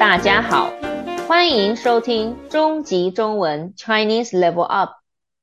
大家好，歡迎收聽中級中文 Chinese Level Up，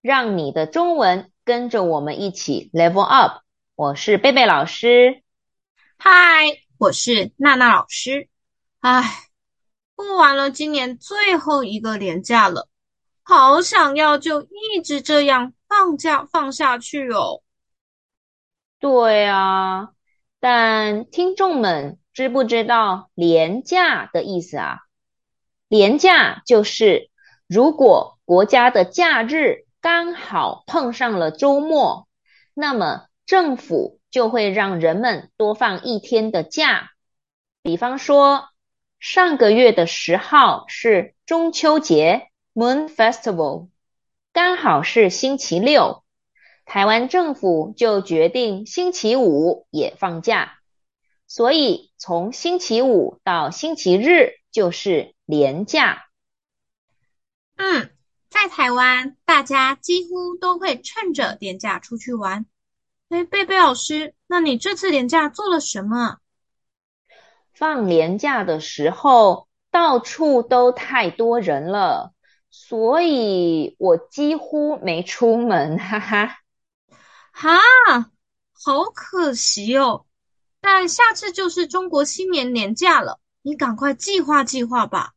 讓你的中文跟着我們一起 Level Up。我是貝貝老師，嗨，我是娜娜老師。唉，過完了，今年最後一個連假了，好想要就一直這樣放假放下去哦。對啊，但聽眾們。知不知道“連假”的意思啊？連假就是，如果國家的假日剛好碰上了周末，那麼政府就會讓人們多放一天的假。比方說，上個月的十號是中秋節 （Moon Festival），剛好是星期六，台灣政府就決定星期五也放假。所以從星期五到星期日就是連假。嗯，在台灣大家幾乎都會趁着連假出去玩。哎，貝貝老師，那你這次連假做了什麼？放連假的時候到處都太多人了，所以我幾乎沒出門，哈哈。哈、啊，好可惜哦。但下次就是中國新年年假了，你趕快計劃計劃吧。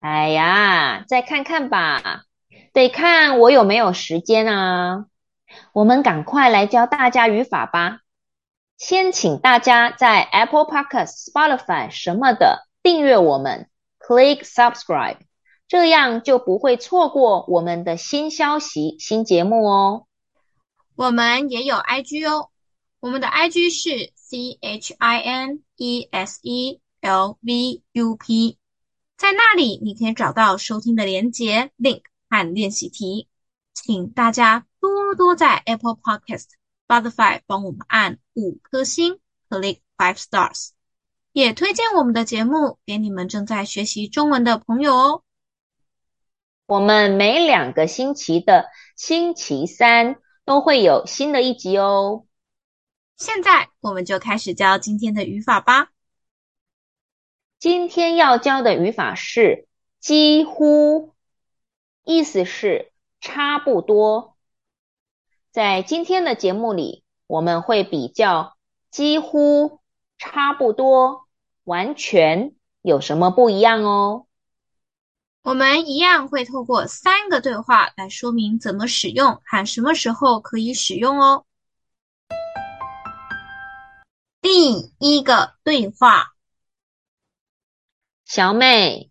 哎呀，再看看吧，得看我有沒有時間啊。我們趕快來教大家語法吧。先請大家在 Apple Podcast、Spotify 什麼的訂閱我們，click subscribe，這樣就不會錯過我們的新消息、新節目哦。我們也有 IG 哦。我們的 I G 是 C H I N E S E L V U P，在那裡你可以找到收聽的鏈接 Link 和練習題。請大家多多在 Apple Podcasts Spotify 幫我們按五顆星，Click Five Stars，也推薦我們的節目給你們正在學習中文的朋友哦。我們每兩個星期的星期三都會有新的一集哦。現在我們就開始教今天的語法吧。今天要教的語法是“幾乎”，意思是“差不多”。在今天的節目裡，我們會比較“幾乎”“差不多”“完全”有什麼不一樣哦。我們一樣會透過三個對話來說明怎麼使用，和什麼時候可以使用哦。第一個對話：小美，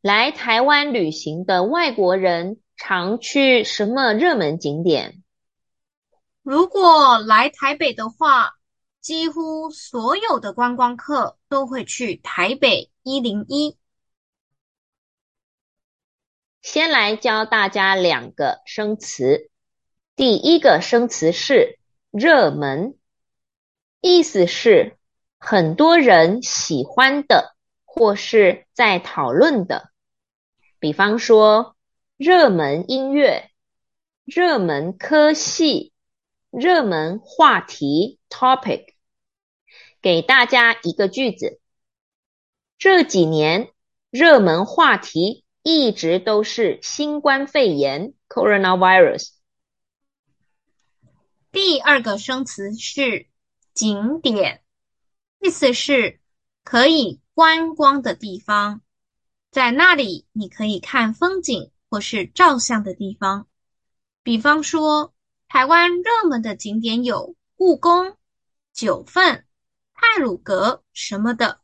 來台灣旅行的外國人常去什麼熱門景點？如果來台北的話，幾乎所有的觀光客都會去台北一零一。先來教大家兩個生詞，第一個生詞是熱門。意思是很多人喜歡的或是在討論的，比方說，熱門音樂、熱門科系、熱門話題 （topic）。給大家一個句子：這幾年熱門話題一直都是新冠肺炎 （coronavirus）。第二個生詞是。景點意思是可以觀光的地方，在那裡你可以看風景或是照相的地方。比方說，台灣熱門的景點有故宮、九份、太魯閣什麼的，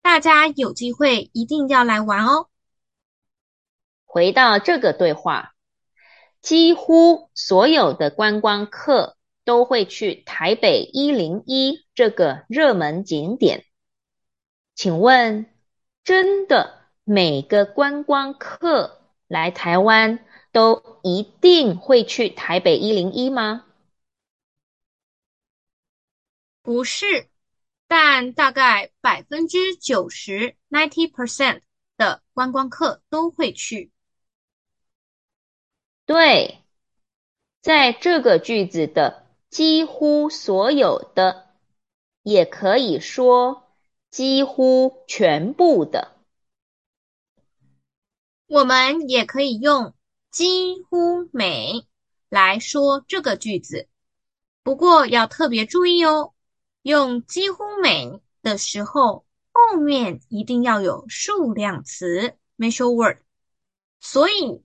大家有機會一定要來玩哦。回到這個對話，幾乎所有的觀光客。都會去台北一零一這個熱門景點。請問，真的每個觀光客來台灣都一定會去台北一零一嗎？不是，但大概百分之九十 （ninety percent） 的觀光客都會去。對，在這個句子的。幾乎所有的，也可以說幾乎全部的。我們也可以用幾乎每來說這個句子，不過要特別注意哦，用幾乎每的時候，後面一定要有數量詞 （measure word）。所以。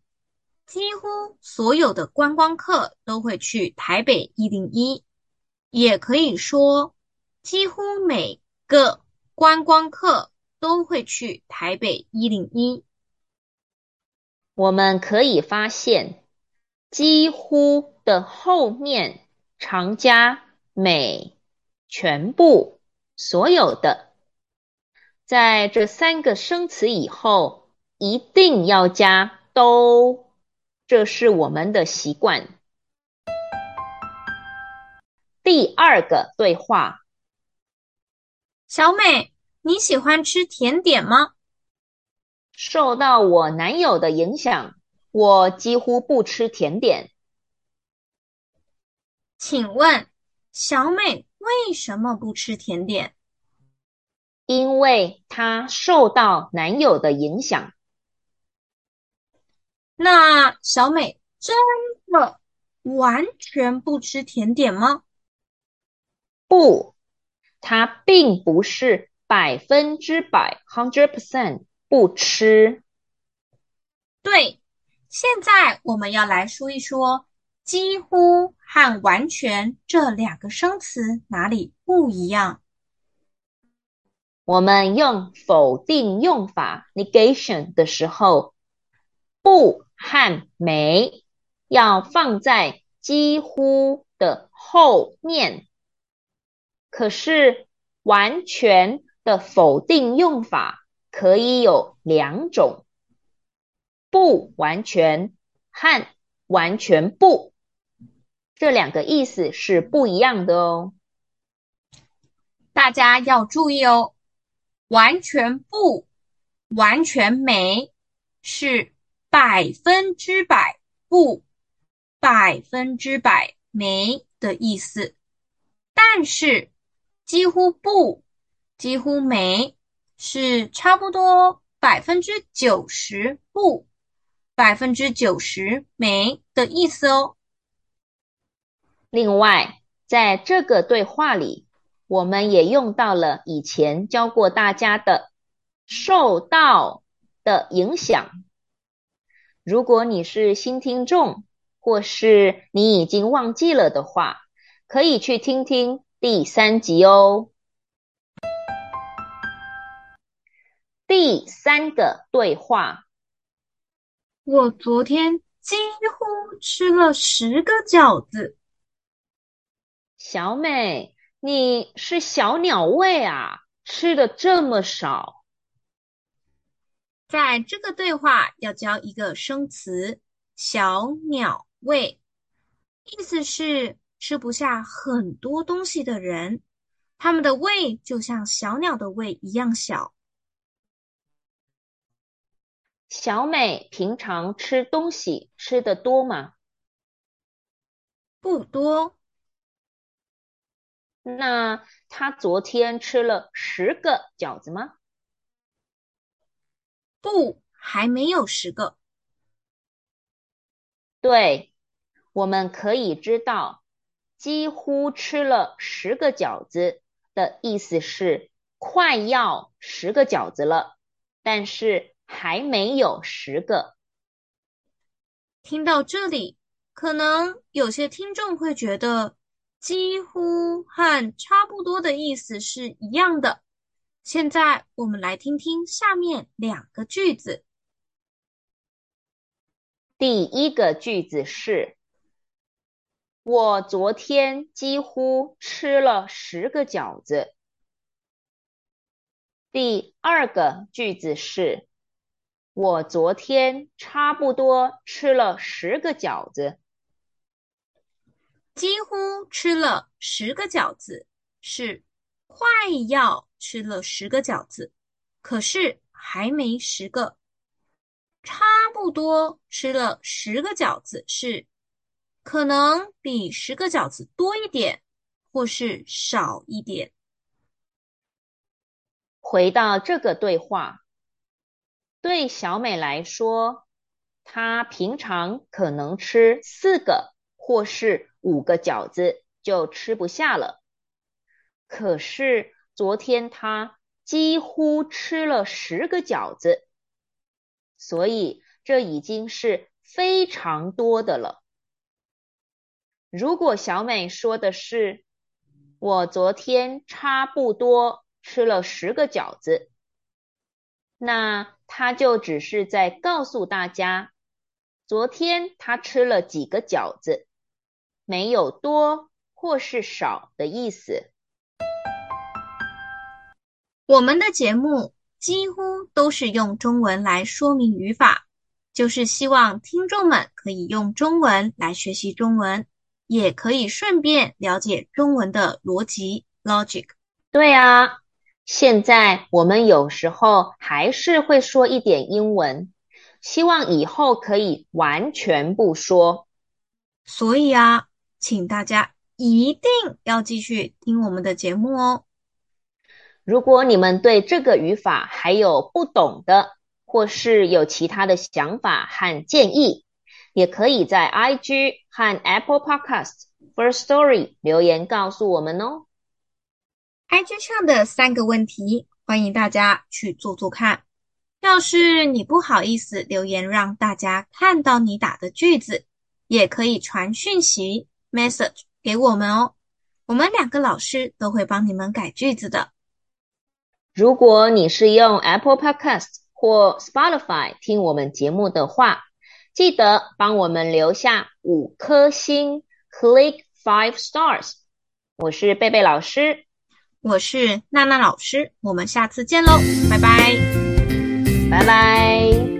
幾乎所有的觀光客都會去台北一零一，也可以說幾乎每個觀光客都會去台北一零一。我們可以發現，幾乎的後面常加每、全部、所有的，在這三個生詞以後，一定要加都。這是我們的習慣。第二個對話，小美，你喜歡吃甜點嗎？受到我男友的影響，我幾乎不吃甜點。請問，小美為什麼不吃甜點？因為她受到男友的影響。那小美真的完全不吃甜點嗎？不，她並不是百分之百 （hundred percent） 不吃。對，現在我們要來說一說“幾乎”和“完全”這兩個生詞哪裡不一樣。我們用否定用法 （negation） 的時候。不和沒要放在幾乎的後面，可是完全的否定用法可以有兩種：不完全和完全不，這兩個意思是不一樣的哦。大家要注意哦，完全不、完全沒是。百分之百不，百分之百沒的意思，但是幾乎不，幾乎沒，是差不多百分之九十不，百分之九十沒的意思哦。另外，在這個對話裡，我們也用到了以前教過大家的受到的影響。如果你是新聽眾，或是你已經忘記了的話，可以去聽聽第三集哦。第三個對話，我昨天幾乎吃了十個餃子。小美，你是小鳥胃啊，吃得這麼少。在這個對話要教一個生詞“小鳥胃”，意思是吃不下很多東西的人，他們的胃就像小鳥的胃一樣小。小美平常吃東西吃得多嗎？不多。那她昨天吃了十個餃子嗎？不，還沒有十個。對，我們可以知道，幾乎吃了十個餃子的意思是快要十個餃子了，但是還沒有十個。聽到這裡，可能有些聽眾會覺得“幾乎”和“差不多”的意思是一樣的。現在我們來聽聽下面兩個句子。第一個句子是：我昨天幾乎吃了十個餃子。第二個句子是：我昨天差不多吃了十個餃子。幾乎吃了十個餃子，是快要。吃了十個餃子，可是還沒十個，差不多吃了十個餃子是可能比十個餃子多一點，或是少一點。回到這個對話，對小美來說，她平常可能吃四個或是五個餃子就吃不下了，可是。昨天她幾乎吃了十個餃子，所以這已經是非常多的了。如果小美說的是“我昨天差不多吃了十個餃子”，那她就只是在告訴大家，昨天她吃了幾個餃子，沒有多或是少的意思。我們的節目幾乎都是用中文來說明語法，就是希望聽眾們可以用中文來學習中文，也可以順便了解中文的邏輯 （logic）。對啊，現在我們有時候還是會說一點英文，希望以後可以完全不說。所以啊，請大家一定要繼續聽我們的節目哦。如果你們對這個語法還有不懂的，或是有其他的想法和建議，也可以在 IG 和 Apple Podcast First Story 留言告訴我們哦。IG 上的三個問題，歡迎大家去做做看。要是你不好意思留言，讓大家看到你打的句子，也可以傳訊息 message 給我們哦。我們兩個老師都會幫你們改句子的。如果你是用 Apple Podcast 或 Spotify 聽我們節目的話，記得幫我們留下五顆星，Click five stars。我是貝貝老師，我是娜娜老師，我們下次見嘍，拜拜，拜拜。